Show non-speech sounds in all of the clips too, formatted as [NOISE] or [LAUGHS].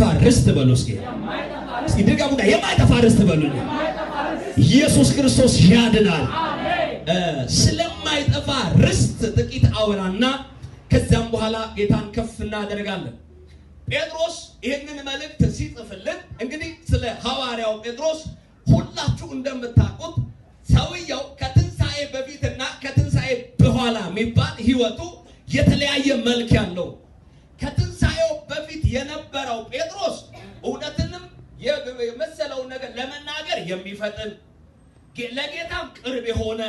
የማይጠፋ ርስት በሉ እስኪ እስኪ ጋር የማይጠፋ ርስት በሉ። ኢየሱስ ክርስቶስ ያድናል። ስለማይጠፋ ርስት ጥቂት አውራና ከዚያም በኋላ ጌታን ከፍ እናደርጋለን። ጴጥሮስ ይህንን መልእክት ሲጽፍልን እንግዲህ ስለ ሐዋርያው ጴጥሮስ ሁላችሁ እንደምታውቁት ሰውየው ከትንሣኤ በፊትና ከትንሣኤ በኋላ የሚባል ህይወቱ የተለያየ መልክ ያለው በፊት የነበረው ጴጥሮስ እውነትንም የመሰለውን ነገር ለመናገር የሚፈጥን ለጌታም ቅርብ የሆነ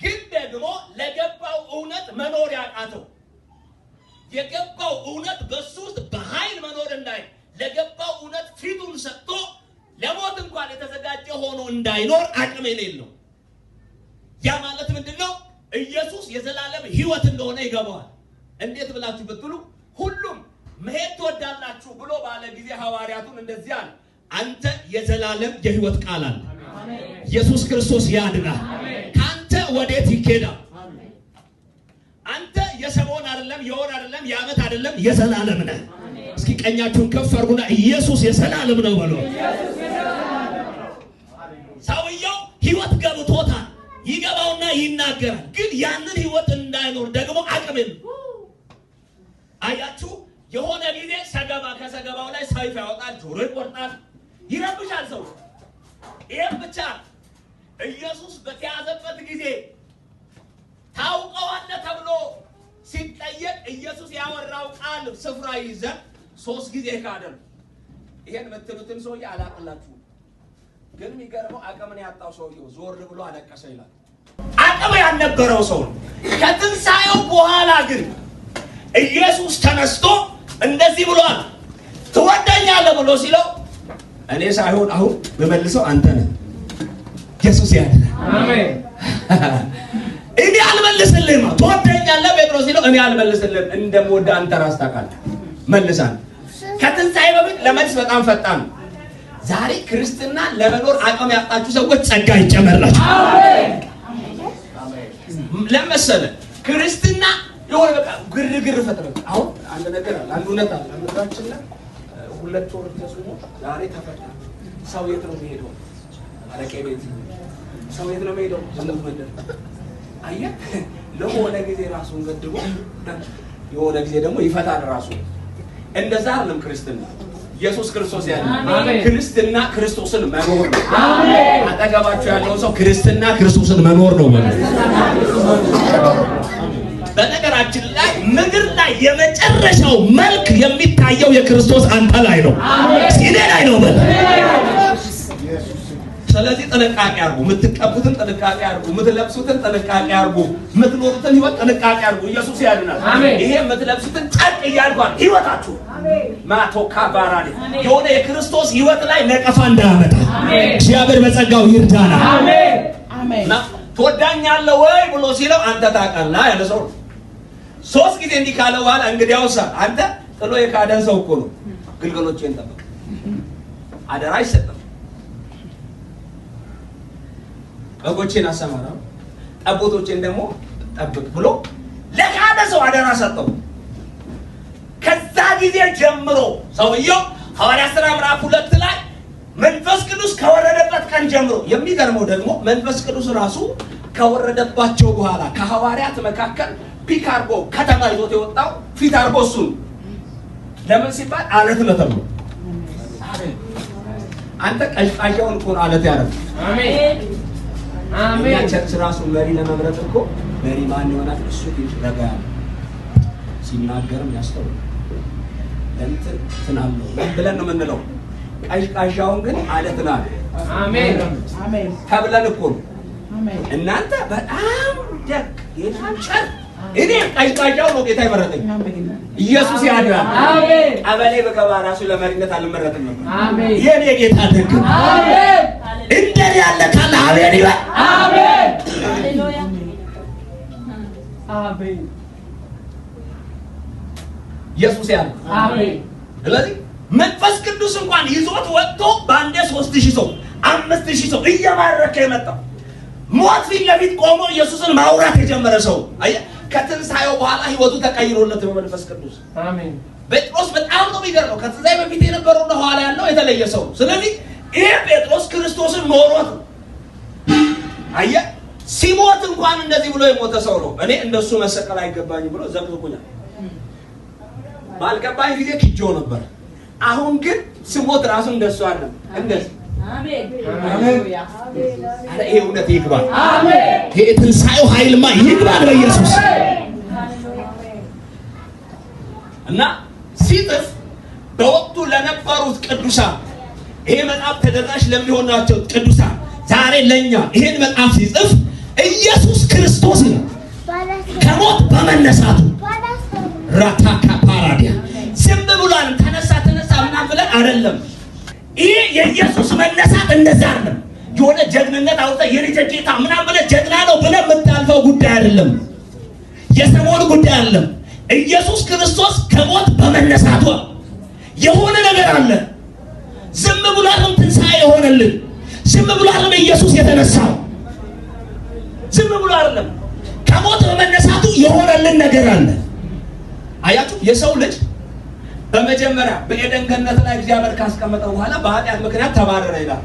ግን ደግሞ ለገባው እውነት መኖር ያቃተው የገባው እውነት በሱ ውስጥ በኃይል መኖር እንዳይ ለገባው እውነት ፊቱን ሰጥቶ ለሞት እንኳን የተዘጋጀ ሆኖ እንዳይኖር አቅም የሌለው ያ ማለት ምንድን ነው? ኢየሱስ የዘላለም ሕይወት እንደሆነ ይገባዋል። እንዴት ብላችሁ ብትሉ ሁሉም መሄድ ትወዳላችሁ ብሎ ባለ ጊዜ ሐዋርያቱን እንደዚህ አለ፣ አንተ የዘላለም የህይወት ቃል አለ። ኢየሱስ ክርስቶስ ያድናል። ከአንተ ወዴት ይኬዳል? አንተ የሰሞን አይደለም፣ የወር አይደለም፣ የዓመት አይደለም፣ የዘላለም ነህ። እስኪ ቀኛችሁን ከፍ አድርጉና ኢየሱስ የዘላለም ነው በሎ። ሰውየው ህይወት ገብቶታል። ይገባውና ይናገራል። ግን ያንን ህይወት እንዳይኖር ደግሞ አቅምን አያችሁ የሆነ ጊዜ ሰገባ ከሰገባው ላይ ሰይፍ ያወጣል፣ ጆሮ ይቆርጣል፣ ይረብሻል ሰው። ይህም ብቻ ኢየሱስ በተያዘበት ጊዜ ታውቀዋለህ ተብሎ ሲጠየቅ ኢየሱስ ያወራው ቃል ስፍራ ይዘ ሶስት ጊዜ ካደል። ይሄን የምትሉትን ሰውዬ አላቅላችሁም፣ ግን የሚገርመው አቅምን ያጣው ሰውየው ዞር ብሎ አለቀሰ ይላል። አቅም ያልነበረው ሰው ነው። ከትንሣኤው በኋላ ግን ኢየሱስ ተነስቶ እንደዚህ ብሏል። ትወደኛለህ ብሎ ሲለው እኔ ሳይሆን አሁን በመልሰው አንተ ነህ። ኢየሱስ ያድናል። አሜን። እኔ አልመልስልህም። ትወደኛለህ ጴጥሮ ሲለው እኔ አልመልስልህም፣ እንደምወድህ አንተ ራስ ታውቃለህ። መልሳን ከትንሣኤ በፊት ለመልስ በጣም ፈጣን ዛሬ ክርስትና ለመኖር አቅም ያጣችሁ ሰዎች ጸጋ ይጨመርላችሁ። ለምን መሰለህ ክርስትና የሆነ በቃ ግርግር ፈጥረ። አሁን አንድ ነገር አለ፣ አንድ እውነት አለ። ምድራችን ላይ ሁለት ወር ተጽሞ ዛሬ ተፈታ። ሰው የት ነው የሚሄደው? አለቄ ቤት ሰው የት ነው የሚሄደው? ዝምብ መንደር አየህ። ለሆነ ጊዜ ራሱን ገድቦ የሆነ ጊዜ ደግሞ ይፈታል ራሱ። እንደዛ አይደለም ክርስትና። ኢየሱስ ክርስቶስ ያለ ክርስትና ክርስቶስን መኖር ነው። አጠገባቸው ያለውን ሰው ክርስትና ክርስቶስን መኖር ነው ማለት በነገራችን ላይ ምድር ላይ የመጨረሻው መልክ የሚታየው የክርስቶስ አንተ ላይ ነው፣ እኔ ላይ ነው በል። ስለዚህ ጥንቃቄ አርጉ፣ የምትቀቡትን ጥንቃቄ አርጉ፣ የምትለብሱትን ጥንቃቄ አርጉ፣ የምትኖሩትን ህይወት ጥንቃቄ አርጉ። ኢየሱስ ያድናል። ይሄ የምትለብሱትን ጨርቅ እያድጓል ህይወታችሁ ማቶ ካባራል የሆነ የክርስቶስ ህይወት ላይ ነቀፋ እንዳያመጣ እግዚአብሔር በጸጋው ይርዳናል። አሜን። ትወዳኛለህ ወይ ብሎ ሲለው አንተ ታውቃለህ ያለ ሰው ሶስት ጊዜ እንዲህ ካለ በኋላ እንግዲያውሳ አንተ ጥሎ የካደን ሰው እኮ ነው ግልገሎችን ጠብቅ አደራ አይሰጥም። በጎቼን አሰማራ ጠቦቶቼን ደግሞ ጠብቅ ብሎ ለካደ ሰው አደራ ሰጠው። ከዛ ጊዜ ጀምሮ ሰውየው ሐዋርያ ሥራ ምዕራፍ ሁለት ላይ መንፈስ ቅዱስ ከወረደበት ቀን ጀምሮ የሚገርመው ደግሞ መንፈስ ቅዱስ ራሱ ከወረደባቸው በኋላ ከሐዋርያት መካከል ፒክ አርጎ ከተማ ይዞት የወጣው ፊት አርጎ እሱ ለምን ሲባል አለት ለተም ነው። አንተ ቀጭጣጫውን እኮ አለት ያረግ። አሜን አሜን። ቸርች ራሱ መሪ ለመምረጥ እኮ መሪ ማን ይሆናል? እሱ ረጋ ያለ ሲናገርም ያስተውል እንትን ትናለው ብለን ነው የምንለው። ቀዥቃዣውን ግን አለት ናል። አሜን አሜን ተብለን እኮ እናንተ በጣም ደግ የታንጨር እኔ ቀጭቃጫው ነው ጌታ የመረጠኝ። ኢየሱስ ያድራ። አሜን። ቀበሌ በገባ ራሱ ለመሪነት አልመረጥም ነበር። አሜን። የኔ ጌታ ደግ። አሜን። እንደኔ ያለ ካለ አሜን ይበል። አሜን። አሜን። ኢየሱስ ያድራ። ስለዚህ መንፈስ ቅዱስ እንኳን ይዞት ወጥቶ በአንዴ ሦስት ሺህ ሰው አምስት ሺህ ሰው እየማረከ የመጣው ሞት ፊት ለፊት ቆሞ ኢየሱስን ማውራት የጀመረ ሰው ከትንሣኤው በኋላ ህይወቱ ተቀይሮለት በመንፈስ ቅዱስ አሜን። ጴጥሮስ በጣም ነው የሚገርመው። ከትንሣኤ በፊት የነበረው ኋላ ያለው የተለየ ሰው ስለዚህ ይሄ ጴጥሮስ ክርስቶስን ኖሮት አየ። ሲሞት እንኳን እንደዚህ ብሎ የሞተ ሰው ነው። እኔ እንደሱ መሰቀል አይገባኝ ብሎ ዘቅዝቁኛል። ባልገባኝ ጊዜ ክጄው ነበር። አሁን ግን ስሞት ራሱ እንደሱ አለ እንደዚህ ይሄ እውነት ይግባል። ይሄ ትንሣኤው ኃይልማ ይግባል በኢየሱስ ቅዱሳን ይሄ መጽሐፍ ተደራሽ ለሚሆናቸው ናቸው። ቅዱሳን ዛሬ ለእኛ ይሄን መጽሐፍ ሲጽፍ ኢየሱስ ክርስቶስ ነው ከሞት በመነሳቱ ራታካ ፓራዲያ ዝም ብሏል። ተነሳ ተነሳ ምናምን ብለን አይደለም። ይሄ የኢየሱስ መነሳት እንደዛ ነው። የሆነ ጀግንነት አውጣ የልጅ ጌታ ምናምን ብለህ ጀግና ነው ብለህ የምታልፈው ጉዳይ አይደለም። የሰሞኑ ጉዳይ አይደለም። ኢየሱስ ክርስቶስ ከሞት በመነሳቱ የሆነ ነገር አለ። ዝም ብሎ አይደለም ትንሣኤ የሆነልን፣ ዝም ብሎ አይደለም ኢየሱስ የተነሳው፣ ዝም ብሎ አይደለም ከሞት በመነሳቱ የሆነልን ነገር አለ። አያችሁ የሰው ልጅ በመጀመሪያ በኤደን ገነት ላይ እግዚአብሔር ካስቀመጠ በኋላ በኃጢአት ምክንያት ተባረረ ይላል።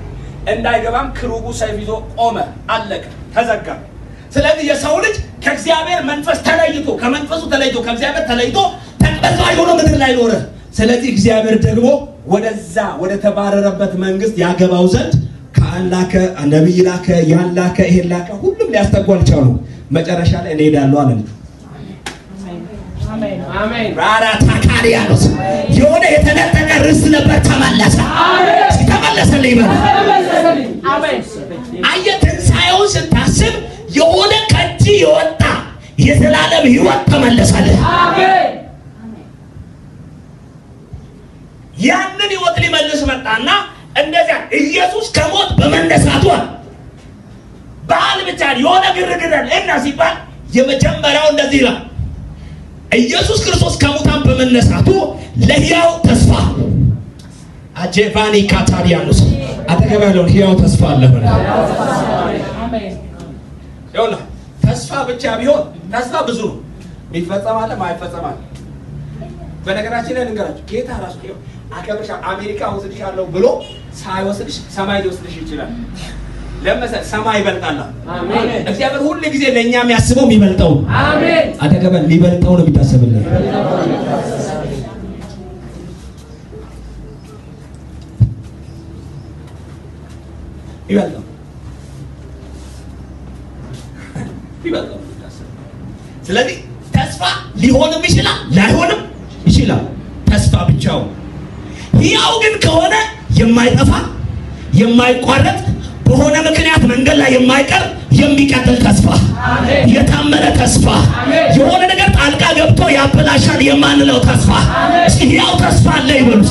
እንዳይገባም ክሩቡ ሰይፍ ይዞ ቆመ፣ አለቀ፣ ተዘጋ። ስለዚህ የሰው ልጅ ከእግዚአብሔር መንፈስ ተለይቶ ከመንፈሱ ተለይቶ ከእግዚአብሔር ተለይቶ ተቅበዝባዥ ሆኖ ምድር ላይ ኖረ። ስለዚህ እግዚአብሔር ደግሞ ወደዛ ወደ ተባረረበት መንግስት ያገባው ዘንድ ከአን ነብይ ላከ፣ ያን ላከ፣ ይሄን ላከ፣ ሁሉም ሊያስተጓል ቻሉ። መጨረሻ ላይ እኔ ሄዳለሁ አለ። ራራ ታካሪ ያሉት የሆነ የተነጠቀ ርስ ነበር። ተመለሰ ተመለሰልኝ በ አየህ፣ ትንሣኤውን ስታስብ የሆነ ከእጅ የወጣ የዘላለም ህይወት ያ መጣና እንደዚያ ኢየሱስ ከሞት በመነሳቱ በዓል ብቻ የሆነ ግርግር እና ሲባል የመጀመሪያው እንደዚህ ይላል ኢየሱስ ክርስቶስ ከሙታን በመነሳቱ ለሕያው ተስፋ አጀቫኒ ካታሪያኑስ አጠገብ ያለውን ሕያው ተስፋ አለ። ተስፋ ብቻ ቢሆን ተስፋ ብዙ ነው። የሚፈጸም አለ፣ ማይፈጸም አለ። በነገራችን ላይ ንገራቸው ጌታ ራሱ አከብርሻ አሜሪካ ወስድሻለሁ ብሎ ሳይወስድሽ ሰማይ ሊወስድሽ ይችላል። ለምሳሌ ሰማይ ይበልጣል። አሜን። እግዚአብሔር ሁሉ ጊዜ ለኛ የሚያስበው የሚበልጠው አሜን። አጠገበን የሚበልጠው ነው የሚታሰብልን። ይበልጣው የማይቋረጥ በሆነ ምክንያት መንገድ ላይ የማይቀር የሚቀጥል ተስፋ፣ የታመነ ተስፋ፣ የሆነ ነገር ጣልቃ ገብቶ ያበላሻል የማንለው ተስፋ፣ ያው ተስፋ አለ ይበሉ።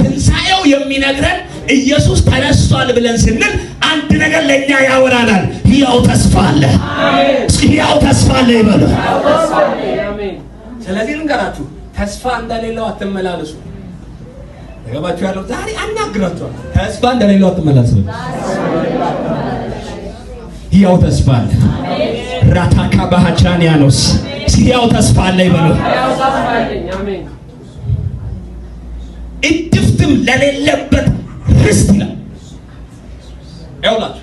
ትንሣኤው የሚነግረን ኢየሱስ ተነስቷል ብለን ስንል አንድ ነገር ለእኛ ያወራናል። ሕያው ተስፋ አለ፣ ያው ተስፋ አለ ያው ተስፋ አለ ይበሉ ስለዚህ ልንገራችሁ ተስፋ እንደሌለው አትመላለሱ። ተገባችሁ ያለው ዛሬ አናግራችኋል። ተስፋ እንደሌለው አትመለስም። ሕያው ተስፋ አለ። ራታካ ባህቻን ያኖስ ሕያው ተስፋ አለ ይበሉ። እድፍትም ለሌለበት ርስት ይላል። ይኸውላችሁ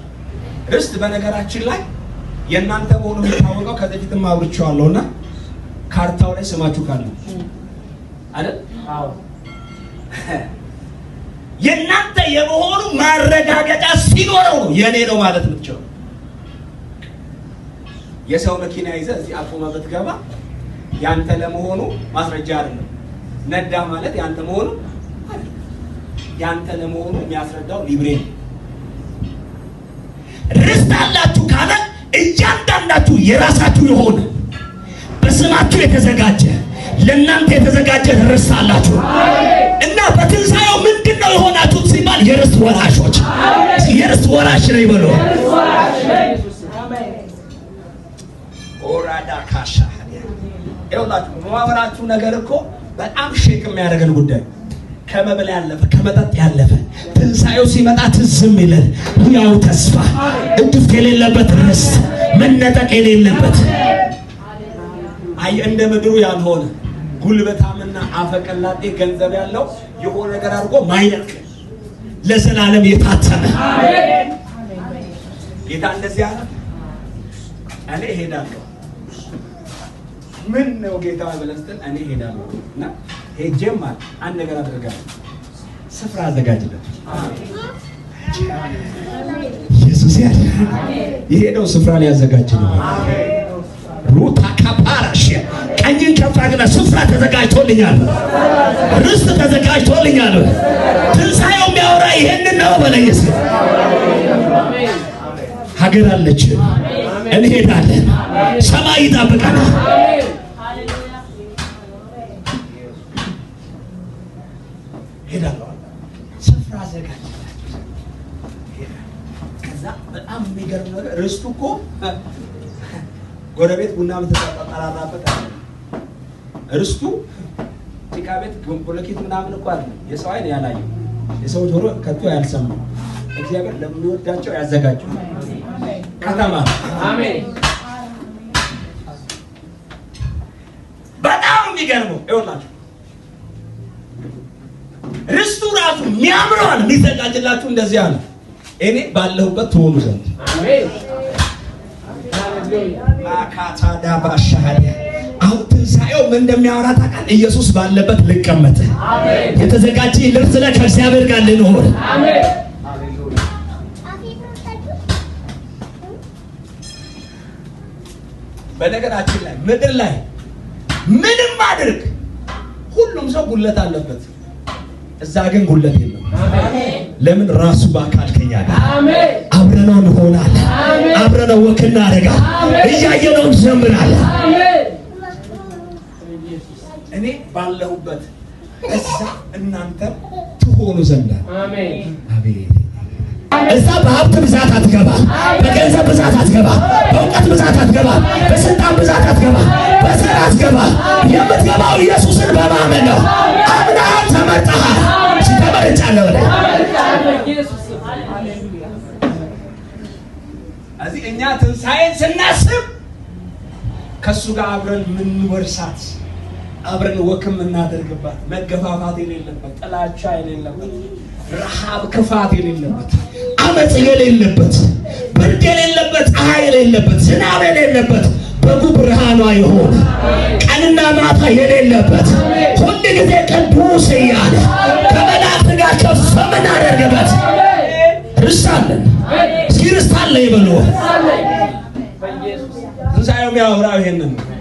ርስት በነገራችን ላይ የእናንተ መሆኑ የሚታወቀው ከዚህ ፊትም አውርቼዋለሁና ካርታው ላይ ስማችሁ ካለ አይደል? አዎ [LAUGHS] የእናንተ የመሆኑ ማረጋገጫ ሲኖረው ነው የእኔ ነው ማለት የምትችለው። የሰው መኪና ይዘህ እዚህ አቁመህ ብትገባ ያንተ ለመሆኑ ማስረጃ አይደለም። ነዳ ማለት ያንተ መሆኑ ያንተ ለመሆኑ የሚያስረዳው ሊብሬ ነው። ርስት አላችሁ ካለ እያንዳንዳችሁ የራሳችሁ የሆነ በስማችሁ የተዘጋጀ ለእናንተ የተዘጋጀ ርስት አላችሁ። እና በትንሣኤው ምንድን ነው የሆናችሁት ሲባል የርስ ወራሾች፣ የርስ ወራሽ ነው ይበሉ። ኦራዳ ካሻ ይኸውላችሁ መዋበራችሁ ነገር እኮ በጣም ሼክ የሚያደርገን ጉዳይ ከመብል ያለፈ ከመጠጥ ያለፈ ትንሣኤው ሲመጣ ትዝም ይለን ያው ተስፋ እንድፍት የሌለበት ርስት መነጠቅ የሌለበት አይ እንደ ምድሩ ያልሆነ ጉልበታምና አፈቀላጤ ገንዘብ ያለው የሆነ ነገር አድርጎ ማይለቅ ለዘላለም የታተመ ጌታ እንደዚህ አለ። እኔ እሄዳለሁ። ምን ነው ጌታ ብለን ስትል እኔ እሄዳለሁ እና ሄጄም አለ አንድ ነገር አድርጋለሁ፣ ስፍራ አዘጋጅለት። ኢየሱስ ያለ የሄደው ስፍራ ሊያዘጋጅ ነው። ሩታ ካፓራሽ ቀኝን ከፍ አድርግና ስፍራ ተዘጋጅቶልኛል፣ ርስት ተዘጋጅቶልኛል። ትንሣኤው የሚያወራ ይሄንን ነው በለኝ። ሀገር አለች፣ እንሄዳለን፣ ሰማይ ይጠብቀናል። ሄዳለሁ ስፍራ አዘጋጅላችሁ። ከዛ በጣም የሚገርም ነገር ርስቱ እኮ ጎረቤት ቡና ምትጠጣ ጠራራበት እርስቱ ጭቃ ቤት ብሎኬት ምናምን እኮ አለ። የሰው አይን ያላየው የሰው ጆሮ ከቶ ያልሰማ እግዚአብሔር ለሚወዳቸው ያዘጋጀው ከተማ አሜን። በጣም የሚገርመው ይኸውላችሁ ርስቱ ራሱ የሚያምረዋል የሚዘጋጅላችሁ እንደዚህ አለ፣ እኔ ባለሁበት ትሆኑ ዘንድ አሜን። ማካታዳ ባሻሃዳ አሁን ትንሣኤው ምን እንደሚያወራ ታውቃለህ? ኢየሱስ ባለበት ልቀመጥ የተዘጋጀ ልብስ ላይ ከእግዚአብሔር ጋር ልንሆን በነገራችን ላይ ምድር ላይ ምንም አድርግ፣ ሁሉም ሰው ጉለት አለበት። እዛ ግን ጉለት የለም። ለምን? ራሱ በአካል ከኛ ጋር አብረነው እንሆናለን፣ አብረነው ወክ እናደርጋለን፣ እያየነው እንዘምራለን። እኔ ባለሁበት እዛ እናንተ ትሆኑ ዘንድ አሜን። እዛ በሀብት ብዛት አትገባ፣ በገንዘብ ብዛት አትገባ፣ በእውቀት ብዛት አትገባ፣ በስልጣን ብዛት አትገባ፣ በዘር አትገባ። የምትገባው ኢየሱስን በማመን ነው። አምናሃል፣ ተመርጠሃል። ተመርጫለሁ ወደ እዚህ እኛ ትንሣኤን ስናስብ ከእሱ ጋር አብረን ምንወርሳት አብረን ወክ እናደርግባት መገፋፋት የሌለበት ጥላቻ የሌለበት ረሃብ ክፋት የሌለበት አመፅ የሌለበት ብርድ የሌለበት ፀሐይ የሌለበት ዝናብ የሌለበት በጉ ብርሃኗ የሆነ ቀንና ማታ የሌለበት ሁል ጊዜ ቅዱስ እያለ ከመላእክት ጋር ከፍ የምናደርግበት ርስት እስኪ ርስት ይበሉ። ትንሣኤው የሚያወራው ይሄንን ነው።